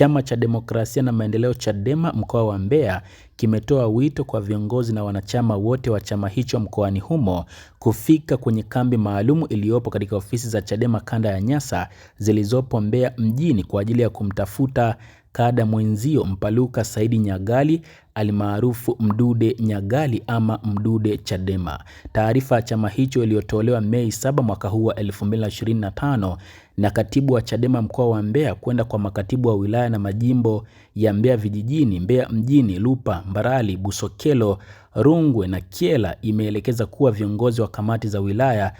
chama cha demokrasia na maendeleo CHADEMA mkoa wa Mbeya kimetoa wito kwa viongozi na wanachama wote wa chama hicho mkoani humo kufika kwenye kambi maalum iliyopo katika ofisi za Chadema kanda ya Nyasa zilizopo Mbeya mjini kwa ajili ya kumtafuta kada mwenzio Mpaluka Saidi Nyagali almaarufu Mdude Nyagali ama Mdude Chadema. Taarifa ya chama hicho iliyotolewa Mei 7 mwaka huu wa 2025 na katibu wa Chadema mkoa wa Mbeya kwenda kwa makatibu wa wilaya na majimbo ya Mbeya vijijini, Mbeya mjini, Lupa, Mbarali, Busokelo, Rungwe na kiela imeelekeza kuwa viongozi wa kamati za wilaya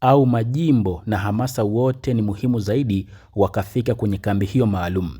au majimbo na hamasa wote ni muhimu zaidi wakafika kwenye kambi hiyo maalum.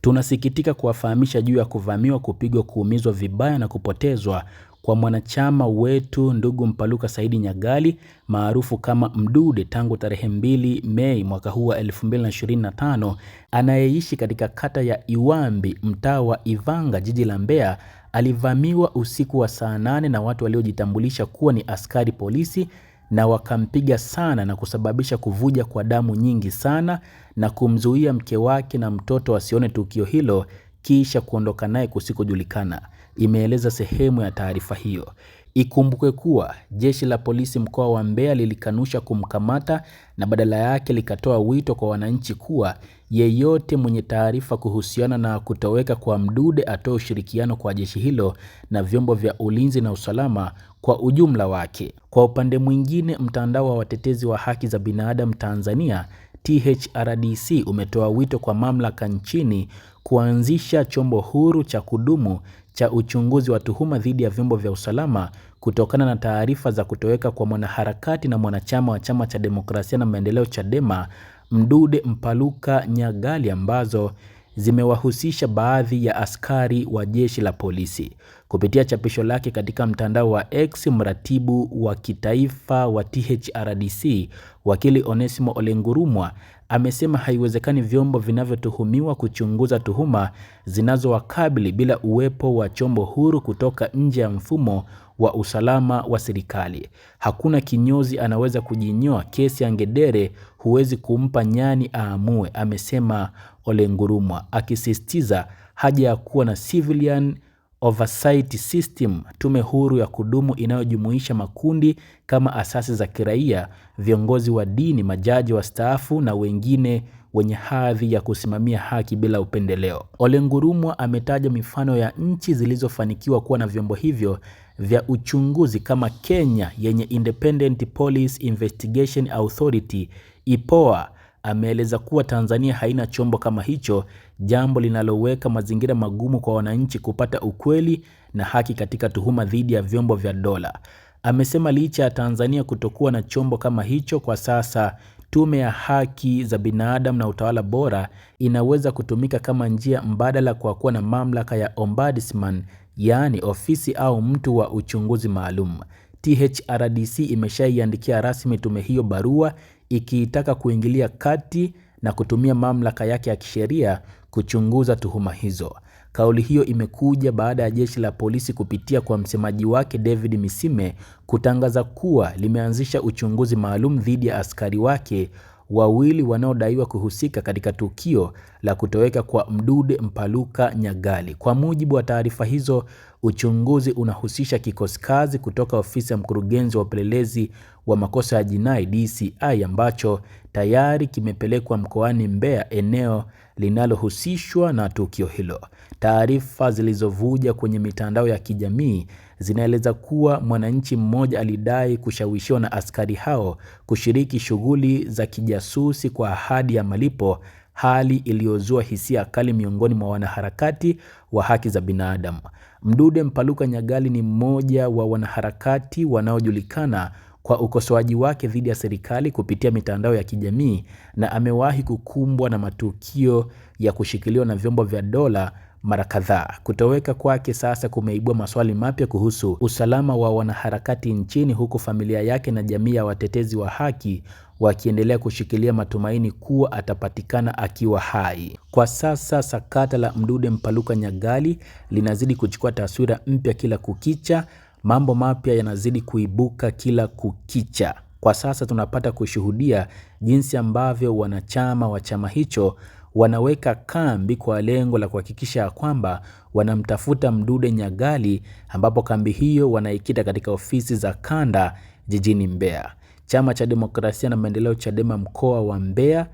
Tunasikitika kuwafahamisha juu ya kuvamiwa, kupigwa, kuumizwa vibaya na kupotezwa kwa mwanachama wetu ndugu Mpaluka Saidi Nyagali maarufu kama Mdude tangu tarehe mbili Mei mwaka huu wa 2025 anayeishi katika kata ya Iwambi mtaa wa Ivanga jiji la Mbeya alivamiwa usiku wa saa nane na watu waliojitambulisha kuwa ni askari polisi na wakampiga sana na kusababisha kuvuja kwa damu nyingi sana na kumzuia mke wake na mtoto asione tukio hilo kisha kuondoka naye kusikojulikana imeeleza sehemu ya taarifa hiyo. Ikumbukwe kuwa jeshi la polisi mkoa wa Mbeya lilikanusha kumkamata na badala yake likatoa wito kwa wananchi kuwa yeyote mwenye taarifa kuhusiana na kutoweka kwa Mdude atoe ushirikiano kwa jeshi hilo na vyombo vya ulinzi na usalama kwa ujumla wake. Kwa upande mwingine, mtandao wa watetezi wa haki za binadamu Tanzania THRDC umetoa wito kwa mamlaka nchini kuanzisha chombo huru cha kudumu cha uchunguzi wa tuhuma dhidi ya vyombo vya usalama kutokana na taarifa za kutoweka kwa mwanaharakati na mwanachama wa Chama cha Demokrasia na Maendeleo Chadema Mdude Mpaluka Nyagali ambazo zimewahusisha baadhi ya askari wa jeshi la polisi. Kupitia chapisho lake katika mtandao wa X, mratibu wa kitaifa wa THRDC wakili Onesimo Olengurumwa amesema haiwezekani vyombo vinavyotuhumiwa kuchunguza tuhuma zinazowakabili bila uwepo wa chombo huru kutoka nje ya mfumo wa usalama wa serikali. Hakuna kinyozi anaweza kujinyoa kesi ya Ngedere, huwezi kumpa nyani aamue, amesema Ole Ngurumwa, akisisitiza haja ya kuwa na civilian Oversight System, tume huru ya kudumu inayojumuisha makundi kama asasi za kiraia, viongozi wa dini, majaji wastaafu na wengine wenye hadhi ya kusimamia haki bila upendeleo. Ole Ngurumwa ametaja mifano ya nchi zilizofanikiwa kuwa na vyombo hivyo vya uchunguzi kama Kenya yenye Independent Police Investigation Authority IPOA ameeleza kuwa Tanzania haina chombo kama hicho, jambo linaloweka mazingira magumu kwa wananchi kupata ukweli na haki katika tuhuma dhidi ya vyombo vya dola. Amesema licha ya Tanzania kutokuwa na chombo kama hicho kwa sasa, Tume ya Haki za Binadamu na Utawala Bora inaweza kutumika kama njia mbadala kwa kuwa na mamlaka ya Ombudsman, yaani ofisi au mtu wa uchunguzi maalum. THRDC imeshaiandikia rasmi tume hiyo barua ikiitaka kuingilia kati na kutumia mamlaka yake ya kisheria kuchunguza tuhuma hizo. Kauli hiyo imekuja baada ya jeshi la polisi kupitia kwa msemaji wake David Misime kutangaza kuwa limeanzisha uchunguzi maalum dhidi ya askari wake wawili wanaodaiwa kuhusika katika tukio la kutoweka kwa Mdude Mpaluka Nyagali. Kwa mujibu wa taarifa hizo, uchunguzi unahusisha kikosi kazi kutoka ofisi ya mkurugenzi wa upelelezi wa makosa ya jinai DCI ambacho tayari kimepelekwa mkoani Mbeya, eneo linalohusishwa na tukio hilo. Taarifa zilizovuja kwenye mitandao ya kijamii zinaeleza kuwa mwananchi mmoja alidai kushawishiwa na askari hao kushiriki shughuli za kijasusi kwa ahadi ya malipo, hali iliyozua hisia kali miongoni mwa wanaharakati wa haki za binadamu. Mdude Mpaluka Nyagali ni mmoja wa wanaharakati wanaojulikana kwa ukosoaji wake dhidi ya serikali kupitia mitandao ya kijamii na amewahi kukumbwa na matukio ya kushikiliwa na vyombo vya dola mara kadhaa. Kutoweka kwake sasa kumeibua maswali mapya kuhusu usalama wa wanaharakati nchini, huku familia yake na jamii ya watetezi wa haki wakiendelea kushikilia matumaini kuwa atapatikana akiwa hai. Kwa sasa sakata la Mdude Mpaluka Nyagali linazidi kuchukua taswira mpya kila kukicha. Mambo mapya yanazidi kuibuka kila kukicha. Kwa sasa tunapata kushuhudia jinsi ambavyo wanachama wa chama hicho wanaweka kambi kwa lengo la kuhakikisha ya kwamba wanamtafuta Mdude Nyagali, ambapo kambi hiyo wanaikita katika ofisi za kanda jijini Mbeya. Chama cha Demokrasia na Maendeleo Chadema mkoa wa Mbeya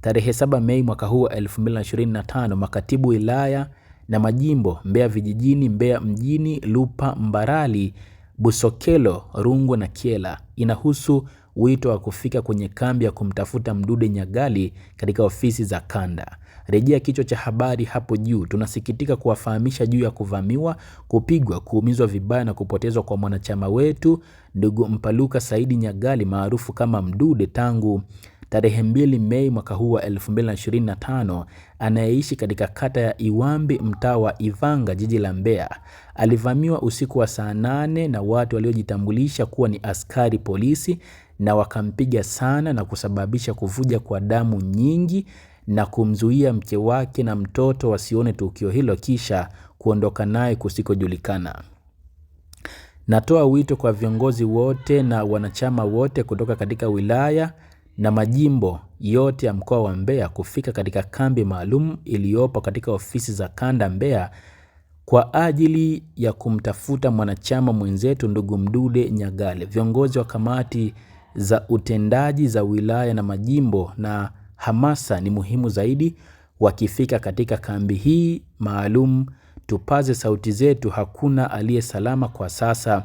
tarehe 7 Mei mwaka huu wa 2025, makatibu wilaya na majimbo Mbeya vijijini, Mbeya mjini, Lupa, Mbarali, Busokelo, Rungwe na kiela Inahusu wito wa kufika kwenye kambi ya kumtafuta Mdude Nyagali katika ofisi za kanda. Rejea kichwa cha habari hapo juu. Tunasikitika kuwafahamisha juu ya kuvamiwa, kupigwa, kuumizwa vibaya na kupotezwa kwa mwanachama wetu ndugu Mpaluka Saidi Nyagali maarufu kama Mdude tangu tarehe 2 Mei mwaka huu wa 2025, anayeishi katika kata ya Iwambi mtaa wa Ivanga jiji la Mbeya. Alivamiwa usiku wa saa 8 na watu waliojitambulisha kuwa ni askari polisi na wakampiga sana na kusababisha kuvuja kwa damu nyingi na kumzuia mke wake na mtoto wasione tukio hilo kisha kuondoka naye kusikojulikana. Natoa wito kwa viongozi wote na wanachama wote kutoka katika wilaya na majimbo yote ya mkoa wa Mbeya kufika katika kambi maalum iliyopo katika ofisi za kanda Mbeya kwa ajili ya kumtafuta mwanachama mwenzetu ndugu Mdude Nyagali. Viongozi wa kamati za utendaji za wilaya na majimbo na hamasa ni muhimu zaidi. Wakifika katika kambi hii maalum, tupaze sauti zetu, hakuna aliye salama kwa sasa.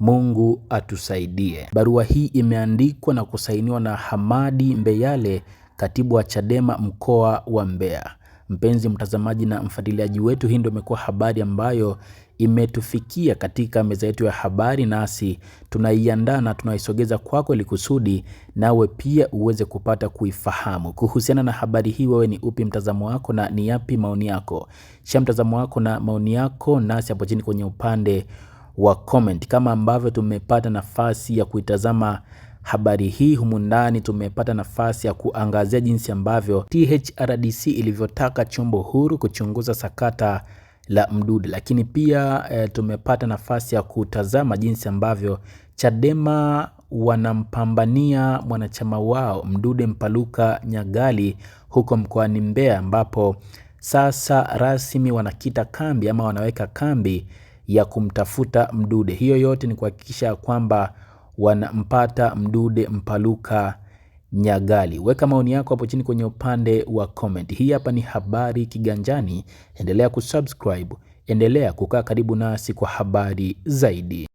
Mungu atusaidie. Barua hii imeandikwa na kusainiwa na Hamadi Mbeyale, katibu wa Chadema mkoa wa Mbeya. Mpenzi mtazamaji na mfuatiliaji wetu, hii ndio imekuwa habari ambayo imetufikia katika meza yetu ya habari, nasi tunaiandaa na tunaisogeza kwako ili kusudi nawe pia uweze kupata kuifahamu. Kuhusiana na habari hii, wewe ni upi mtazamo wako na ni yapi maoni yako? Shia mtazamo wako na maoni yako nasi hapo chini kwenye upande wa comment, kama ambavyo tumepata nafasi ya kuitazama Habari hii humu ndani tumepata nafasi ya kuangazia jinsi ambavyo THRDC ilivyotaka chombo huru kuchunguza sakata la Mdude, lakini pia e, tumepata nafasi ya kutazama jinsi ambavyo Chadema wanampambania mwanachama wao Mdude Mpaluka Nyagali huko mkoani Mbeya ambapo sasa rasmi wanakita kambi ama wanaweka kambi ya kumtafuta Mdude. Hiyo yote ni kuhakikisha kwamba wanampata Mdude Mpaluka Nyagali. Weka maoni yako hapo chini kwenye upande wa comment. Hii hapa ni Habari Kiganjani. Endelea kusubscribe, endelea kukaa karibu nasi kwa habari zaidi.